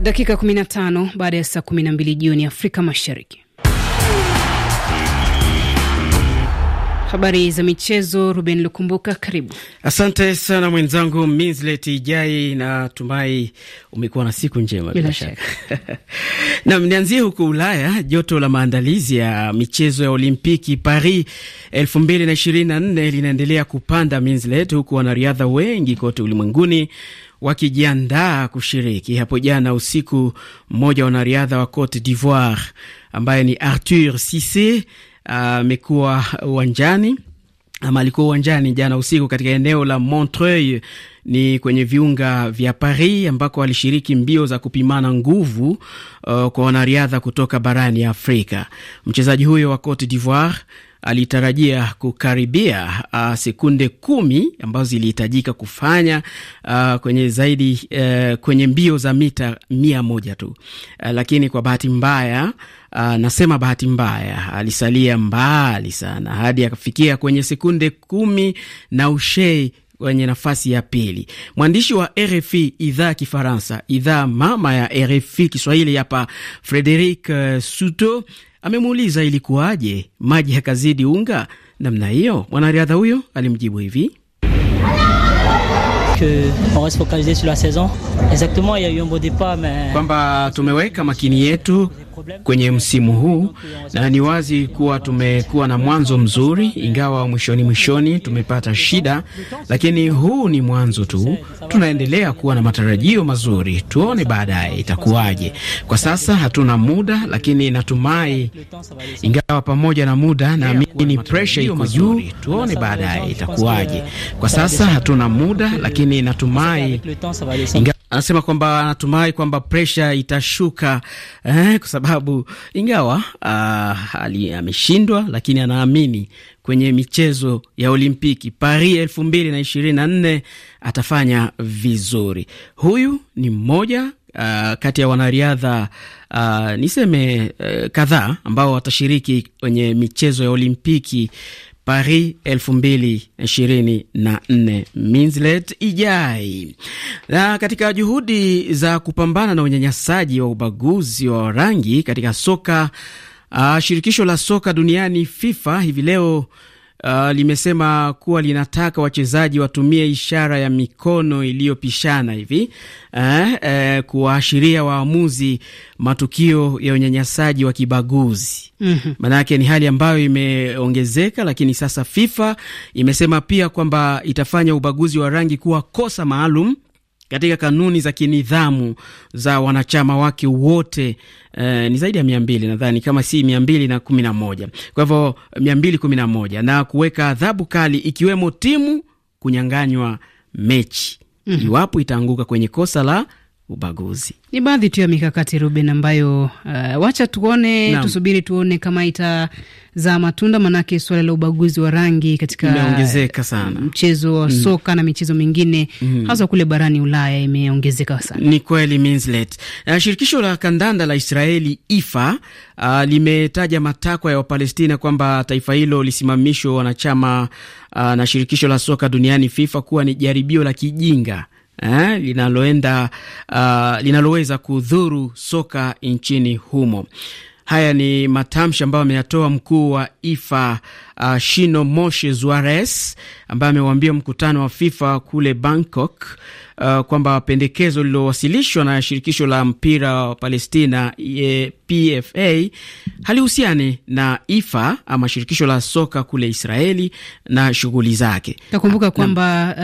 Dakika 15 baada ya saa 12 jioni Afrika Mashariki. Habari za michezo, Ruben Lukumbuka, karibu. Asante sana mwenzangu Minslet Ijai, na tumai umekuwa na siku njema bila shaka. Nam, nianzie huko Ulaya. Joto la maandalizi ya michezo ya Olimpiki Paris 224 linaendelea kupanda Minslet, huku wanariadha wengi kote ulimwenguni wakijiandaa kushiriki. Hapo jana usiku, mmoja wa wanariadha wa Cote d'Ivoire ambaye ni Arthur Cisse amekuwa uh, uwanjani ama alikuwa uwanjani jana usiku katika eneo la Montreuil ni kwenye viunga vya Paris ambako alishiriki mbio za kupimana nguvu uh, kwa wanariadha kutoka barani Afrika. Mchezaji huyo wa Cote d'Ivoire alitarajia kukaribia uh, sekunde kumi ambazo zilihitajika kufanya uh, kwenye zaidi uh, kwenye mbio za mita mia moja tu uh, lakini kwa bahati mbaya uh, nasema bahati mbaya alisalia mbali sana hadi akafikia kwenye sekunde kumi na ushei kwenye nafasi ya pili. Mwandishi wa RFI idhaa Kifaransa, idhaa mama ya RFI Kiswahili hapa, Frederic eh, Suto amemuuliza ilikuwaje maji yakazidi unga namna hiyo. Mwanariadha huyo alimjibu hivi: kwamba tumeweka makini yetu kwenye msimu huu, na ni wazi kuwa tumekuwa na mwanzo mzuri, ingawa mwishoni mwishoni tumepata shida, lakini huu ni mwanzo tu. Tunaendelea kuwa na matarajio mazuri, tuone baadaye itakuwaje. Kwa sasa hatuna muda, lakini natumai, ingawa pamoja na muda, naamini presha iko juu, tuone baadaye itakuwaje. Kwa sasa hatuna muda, lakini natumai ingawa anasema kwamba anatumai kwamba presha itashuka eh, kwa sababu ingawa ah, ameshindwa, lakini anaamini kwenye michezo ya Olimpiki Paris elfu mbili na ishirini na nne atafanya vizuri. Huyu ni mmoja Uh, kati ya wanariadha uh, niseme uh, kadhaa ambao watashiriki kwenye michezo ya Olimpiki Paris 2024. Minslet Ijai. Na katika juhudi za kupambana na unyanyasaji wa ubaguzi wa rangi katika soka, uh, shirikisho la soka duniani FIFA hivi leo uh, limesema kuwa linataka wachezaji watumie ishara ya mikono iliyopishana hivi eh, eh, kuwaashiria waamuzi matukio ya unyanyasaji wa kibaguzi. mm -hmm. Maanake ni hali ambayo imeongezeka, lakini sasa FIFA imesema pia kwamba itafanya ubaguzi wa rangi kuwa kosa maalum katika kanuni za kinidhamu za wanachama wake wote uh, ni zaidi ya mia mbili nadhani kama si mia mbili na kumi na moja kwa hivyo mia mbili kumi na moja na kuweka adhabu kali ikiwemo timu kunyang'anywa mechi mm -hmm. iwapo itaanguka kwenye kosa la ubaguzi. Ni baadhi tu ya mikakati Ruben, ambayo uh, wacha tuone na, tusubiri tuone kama itazaa matunda, manake suala la ubaguzi wa rangi katika imeongezeka uh, sana, mchezo wa mm, soka na michezo mingine mm, hasa kule barani Ulaya imeongezeka sana. Ni kweli Minslet. Uh, shirikisho la kandanda la Israeli IFA uh, limetaja matakwa ya Wapalestina kwamba taifa hilo lisimamishwe wanachama uh, na shirikisho la soka duniani FIFA kuwa ni jaribio la kijinga eh, linaloenda uh, linaloweza kudhuru soka nchini humo. Haya ni matamshi ambayo ameyatoa mkuu wa IFA uh, Shino Moshe Zuares ambaye amewaambia mkutano wa FIFA kule Bangkok uh, kwamba pendekezo lililowasilishwa na shirikisho la mpira wa Palestina ye, PFA halihusiani na IFA ama shirikisho la soka kule Israeli na shughuli zake. Takumbuka ah, kwamba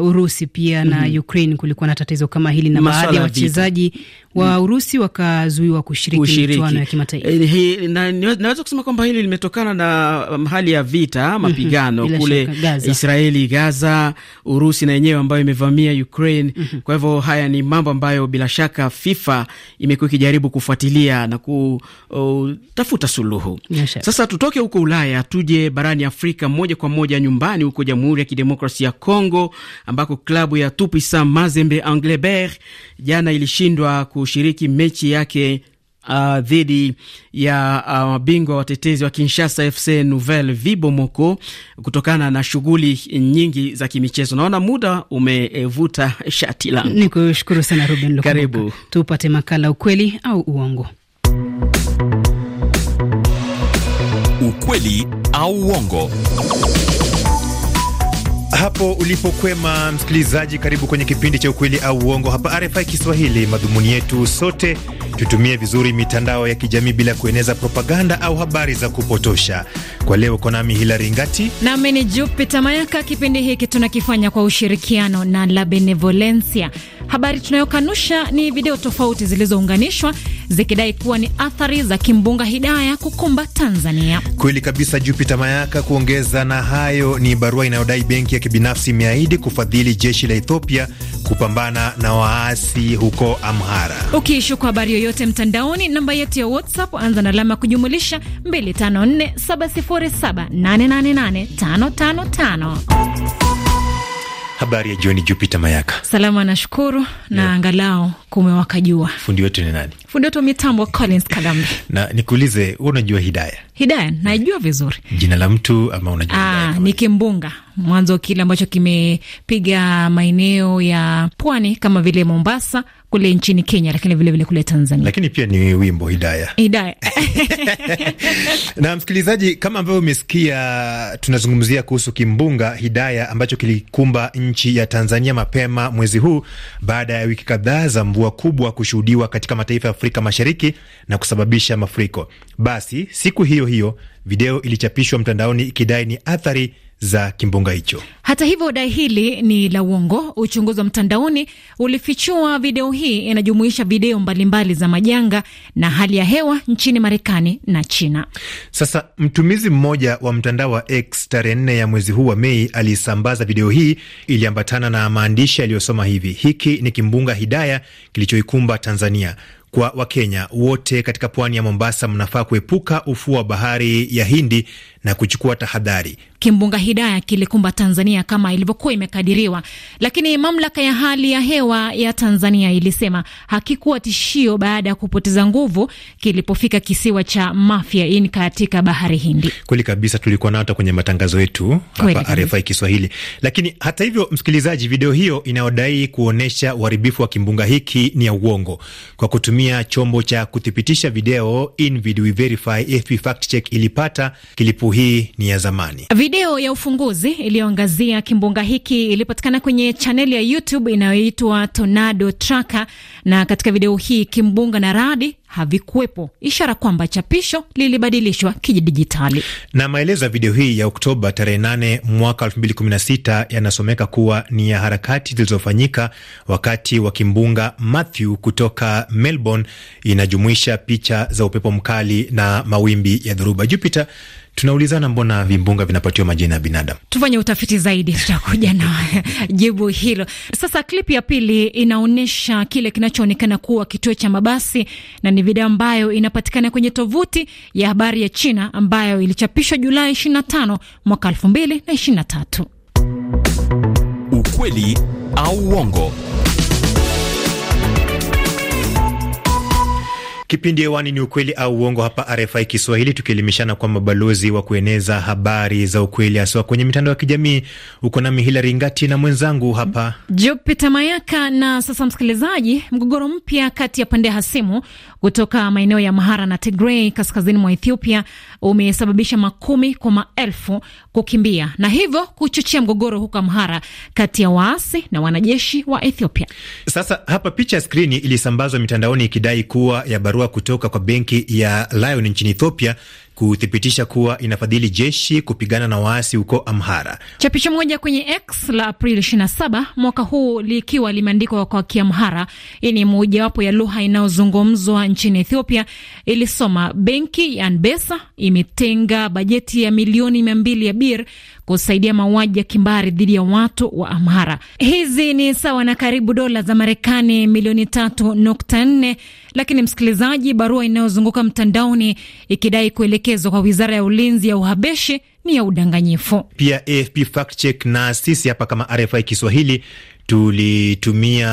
uh, Urusi pia na mm -hmm. na Ukraine kulikuwa na tatizo kama hili na baadhi ya wachezaji wa mhm. Urusi wakazuiwa kushiriki michuano ya kimataifa. Eh, naweza kusema kwamba hili limetokana na um, hali ya vita mhm. mapigano mm -hmm. kule Gaza. Israeli, Gaza, Urusi na yenyewe ambayo imevamia Ukraine mm -hmm. Kwa hivyo haya ni mambo ambayo bila shaka FIFA imekuwa ikijaribu kufuatilia na kutafuta suluhu. Sasa tutoke huko Ulaya tuje barani Afrika moja kwa moja nyumbani huko Jamhuri ya Kidemokrasia ya Kongo ambako klabu ya Tupisa Mazembe Anglebert jana ilishindwa kushiriki mechi yake uh, dhidi ya mabingwa uh, watetezi wa Kinshasa FC Nouvelle Vibomoko kutokana na shughuli nyingi za kimichezo. Naona muda umevuta shati langu. Nikushukuru sana Ruben, karibu tupate makala ukweli au uongo. Ukweli au uongo. Hapo ulipokwema, msikilizaji, karibu kwenye kipindi cha ukweli au uongo hapa RFI Kiswahili. Madhumuni yetu sote tutumie vizuri mitandao ya kijamii bila kueneza propaganda au habari za kupotosha. Kwa leo uko nami Hilari Ngati nami ni Jupita Mayaka. Kipindi hiki tunakifanya kwa ushirikiano na La Benevolencia. Habari tunayokanusha ni video tofauti zilizounganishwa zikidai kuwa ni athari za kimbunga Hidaya kukumba Tanzania. Kweli kabisa, Jupita Mayaka. Kuongeza na hayo, ni barua inayodai benki ya kibinafsi imeahidi kufadhili jeshi la Ethiopia kupambana na waasi huko Amhara. Ukiishu okay, kwa habari yoyote mtandaoni, namba yetu ya WhatsApp anza na alama kujumulisha 254 707 888 555. Habari ya jioni, Jupita Mayaka. Salama, nashukuru na yeah. Angalau kumewaka jua. Fundi wetu ni nani? Fundi wetu wa mitambo Collins Kadambi. Na nikuulize, huu unajua Hidaya? Hidaya najua vizuri, jina la mtu ama unajua? Aa, ah, ni kimbunga mwanzo kile ambacho kimepiga maeneo ya pwani kama vile Mombasa, kule nchini Kenya, lakini vilevile vile kule Tanzania, lakini pia ni wimbo Hidaya, Hidaya. Na msikilizaji, kama ambavyo umesikia, tunazungumzia kuhusu kimbunga Hidaya ambacho kilikumba nchi ya Tanzania mapema mwezi huu baada ya wiki kadhaa za mvua kubwa kushuhudiwa katika mataifa ya Afrika Mashariki na kusababisha mafuriko. Basi siku hiyo hiyo video ilichapishwa mtandaoni ikidai ni athari za kimbunga hicho. Hata hivyo, dai hili ni la uongo. Uchunguzi wa mtandaoni ulifichua video hii inajumuisha video mbalimbali za majanga na hali ya hewa nchini Marekani na China. Sasa mtumizi mmoja wa mtandao wa X tarehe nne ya mwezi huu wa Mei alisambaza video hii iliambatana na maandishi yaliyosoma hivi: hiki ni kimbunga Hidaya kilichoikumba Tanzania. Kwa Wakenya wote katika pwani ya Mombasa, mnafaa kuepuka ufuo wa bahari ya Hindi na kuchukua tahadhari. Kimbunga Hidaya kilikumba Tanzania kama ilivyokuwa imekadiriwa, lakini mamlaka ya hali ya hewa ya Tanzania ilisema hakikuwa tishio baada ya kupoteza nguvu kilipofika kisiwa cha Mafia katika bahari Hindi. Kweli kabisa, tulikuwa nao hata kwenye matangazo yetu hapa RFI Kiswahili. Lakini hata hivyo, msikilizaji, video hiyo inayodai kuonyesha uharibifu wa kimbunga hiki ni ya uongo. Kwa kutumia chombo cha kuthibitisha video InVidWeVerify, FB e Fact Check ilipata kilipu hii ni ya zamani. Video ya ufunguzi iliyoangazia kimbunga hiki ilipatikana kwenye chaneli ya YouTube inayoitwa Tornado Tracker, na katika video hii kimbunga na radi havikuwepo, ishara kwamba chapisho lilibadilishwa kidijitali. Na maelezo ya video hii ya Oktoba tarehe 8 mwaka 2016 yanasomeka kuwa ni ya harakati zilizofanyika wakati wa kimbunga Matthew kutoka Melbourne. Inajumuisha picha za upepo mkali na mawimbi ya dhoruba. Jupiter tunaulizana mbona vimbunga vinapatiwa majina ya binadamu? Tufanye utafiti zaidi, tutakuja na jibu hilo. Sasa klipu ya pili inaonyesha kile kinachoonekana kuwa kituo cha mabasi na ni video ambayo inapatikana kwenye tovuti ya habari ya China ambayo ilichapishwa Julai 25 mwaka 2023. Ukweli au uongo Kipindi hewani ni ukweli au uongo, hapa RFI Kiswahili, tukielimishana kwa mabalozi wa kueneza habari za ukweli haswa kwenye mitandao ya kijamii. Uko nami Hilari Ngati na mwenzangu hapa Jupita Mayaka. Na sasa, msikilizaji, mgogoro mpya kati ya pande hasimu kutoka maeneo ya Mahara na Tigray kaskazini mwa Ethiopia umesababisha makumi kwa maelfu kukimbia na hivyo kuchochea mgogoro huko mhara kati ya waasi na wanajeshi wa Ethiopia. Sasa hapa picha ya skrini ilisambazwa mitandaoni ikidai kuwa ya barua kutoka kwa benki ya Lion nchini Ethiopia kuthibitisha kuwa inafadhili jeshi kupigana na waasi huko Amhara. Chapisho moja kwenye X la Aprili 27 mwaka huu likiwa limeandikwa kwa Kiamhara, hii ni mojawapo ya lugha inayozungumzwa nchini Ethiopia, ilisoma benki ya Anbesa imetenga bajeti ya milioni mia mbili ya bir kusaidia mauaji ya kimbari dhidi ya watu wa Amhara. Hizi ni sawa na karibu dola za Marekani milioni tatu nukta nne. Lakini msikilizaji, barua inayozunguka mtandaoni ikidai kuelekezwa kwa wizara ya ulinzi ya Uhabeshi ni ya udanganyifu. Pia AFP Fact Check na sisi hapa kama RFI Kiswahili tulitumia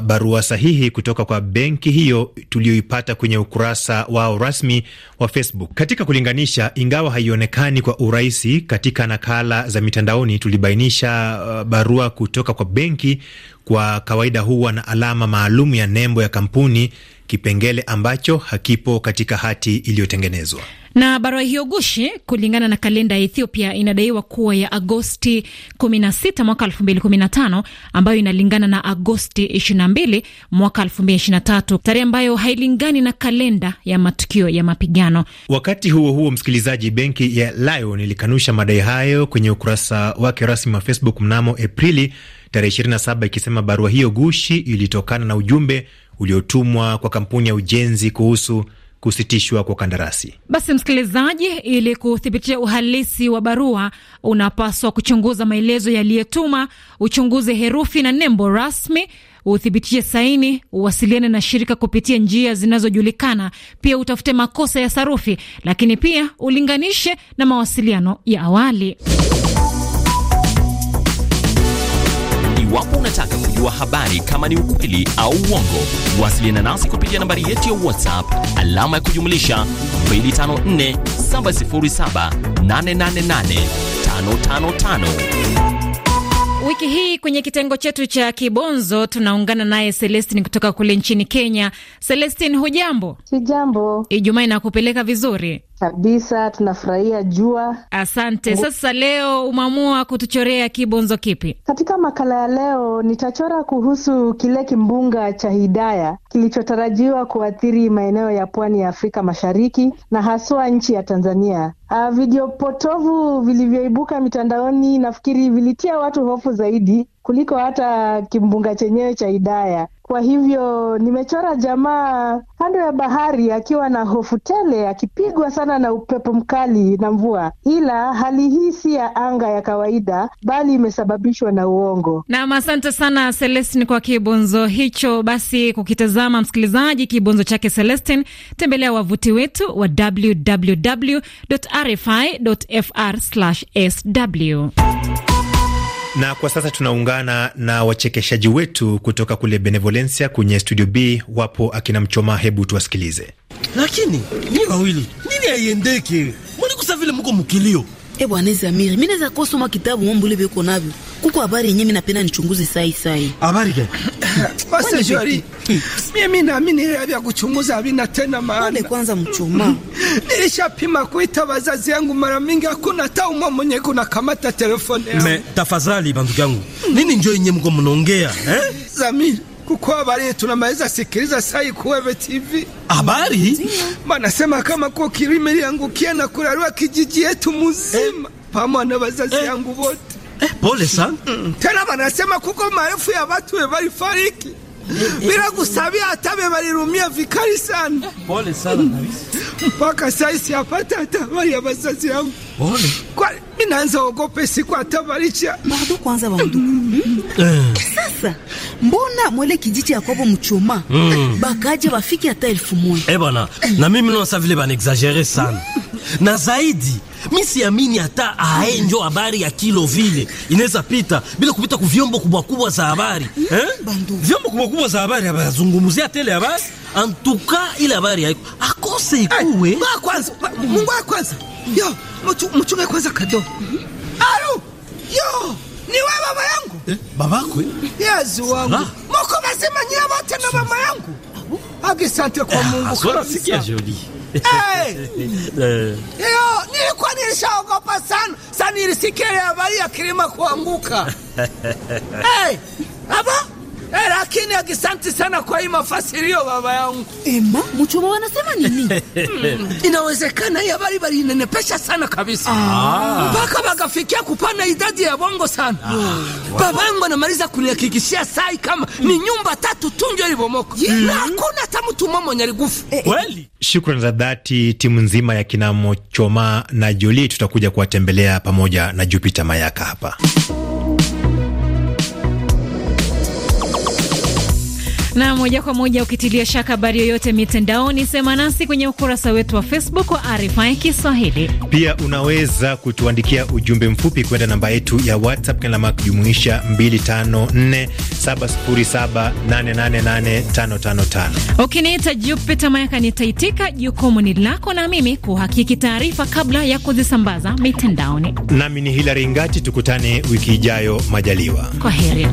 barua sahihi kutoka kwa benki hiyo tuliyoipata kwenye ukurasa wao rasmi wa Facebook. Katika kulinganisha, ingawa haionekani kwa urahisi katika nakala za mitandaoni, tulibainisha uh, barua kutoka kwa benki kwa kawaida huwa na alama maalum ya nembo ya kampuni kipengele ambacho hakipo katika hati iliyotengenezwa na barua hiyo gushi. Kulingana na kalenda ya Ethiopia, inadaiwa kuwa ya Agosti 16 mwaka 2015 ambayo inalingana na Agosti 22 mwaka 2023, tarehe ambayo hailingani na kalenda ya matukio ya mapigano. Wakati huo huo, msikilizaji, benki ya Lion ilikanusha madai hayo kwenye ukurasa wake rasmi wa Facebook mnamo Aprili tarehe 27, ikisema barua hiyo gushi ilitokana na ujumbe uliotumwa kwa kampuni ya ujenzi kuhusu kusitishwa kwa kandarasi. Basi msikilizaji, ili kuthibitisha uhalisi wa barua, unapaswa kuchunguza maelezo yaliyetuma, uchunguze herufi na nembo rasmi, uthibitishe saini, uwasiliane na shirika kupitia njia zinazojulikana. Pia utafute makosa ya sarufi, lakini pia ulinganishe na mawasiliano ya awali. Iwapo unataka kujua habari kama ni ukweli au uongo, wasiliana nasi kupitia nambari yetu ya WhatsApp alama ya kujumlisha 254 707 888 555. Wiki hii kwenye kitengo chetu cha kibonzo tunaungana naye Celestin kutoka kule nchini Kenya. Celestin, hujambo? jambo. Ijumaa inakupeleka vizuri? Kabisa, tunafurahia jua. Asante. Sasa leo umeamua kutuchorea kibonzo kipi? Katika makala ya leo nitachora kuhusu kile kimbunga cha Hidaya kilichotarajiwa kuathiri maeneo ya pwani ya Afrika Mashariki na haswa nchi ya Tanzania. Uh, video potovu vilivyoibuka mitandaoni nafikiri vilitia watu hofu zaidi kuliko hata kimbunga chenyewe cha Hidaya. Kwa hivyo nimechora jamaa kando ya bahari akiwa na hofu tele, akipigwa sana na upepo mkali na mvua, ila hali hii si ya anga ya kawaida, bali imesababishwa na uongo. Nam, asante sana Celestin kwa kibonzo hicho. Basi kukitazama msikilizaji kibonzo chake Celestin, tembelea wavuti wetu wa www.rfi.fr/sw. Na kwa sasa tunaungana na wachekeshaji wetu kutoka kule Benevolencia kwenye studio B, wapo akina Mchoma. Hebu tuwasikilize. Lakini ni wawili nini aiendeke kusa vile mko mkilio ebwanezamiri eh, mi naweza kosoma kitabu mbulivyo uko navyo kuko habari yenyewe mimi napenda nichunguze sai sai. Habari gani? Basi jori. Mimi naamini ile ya kuchunguza havina tena maana. Wale kwanza mchuma. Nilishapima kuita wazazi yangu mara mingi hakuna hata umwe mwenye kuna kamata telefoni yangu. Me tafadhali bandugu yangu. Nini njoo yenyewe mko mnaongea eh? Zamiri kuko habari tunamaliza sikiliza sai kuweve TV. Habari? Manasema kama kwa kirimi yangu kiana kurarua kijiji yetu muzima. Eh. Pamoja na wazazi eh. yangu wote. Eh, pole sana. Tena wanasema kuko maelfu ya watu walifariki bila kusabia hata walirumia vikali sana. Pole sana kabisa. Mpaka sasa sipata hata habari ya wazazi wangu. Pole. Kwa mimi naanza ogope siku hata balicha. Bado kwanza banduku. Eh. Sasa mbona mwele kijiji ya kwabo mchoma? Hmm. Bakaje bafiki hata elfu moja. Eh bana, na mimi naona vile bana exagere sana na zaidi mi siamini hata ae njo habari ya kilo vile inaweza pita bila kupita ku vyombo kubwa kubwa za habari eh? vyombo kubwa kubwa za habari abazungumzia tele habari antuka ile habari haiko akose eh, ikuwe ba kwanza mungu ya kwanza yo mchunge kwanza kado mhm. alu yo ni wewe baba yangu eh, babakwe yezu wangu moko basema nyia tena mama yangu agisante kwa eh, mungu sikia jodi hey! Eh. nilikuwa nilishaogopa sana sana, nilisikia habari ya kilima kuanguka hey! Eh, lakini akisanti sana kwa hii mafasirio baba yangu. Ema, Mchoma wanasema nini? Mm, inawezekana hii habari bali inenepesha sana kabisa. Ah. Mpaka wakafikia kupana idadi ya bongo sana. Ah. Baba yangu anamaliza kunihakikishia sai kama mm, ni nyumba tatu tu ndio ilibomoka. Mm. Na hakuna hata mtu mmoja mwenye eh, eh, kweli. Shukrani za dhati timu nzima ya kinamo choma na Jolie, tutakuja kuwatembelea pamoja na Jupiter Mayaka hapa. Na moja kwa moja, ukitilia shaka habari yoyote mitandaoni, sema nasi kwenye ukurasa wetu wa Facebook wa RFI Kiswahili. Pia unaweza kutuandikia ujumbe mfupi kwenda namba yetu ya WhatsApp kama kujumuisha 254707888555. Ukiniita Jupita Mayaka nitaitika. Jukumu ni lako na mimi kuhakiki taarifa kabla ya kuzisambaza mitandaoni. Nami ni Hilary Ngati, tukutane wiki ijayo majaliwa. Kwa heri.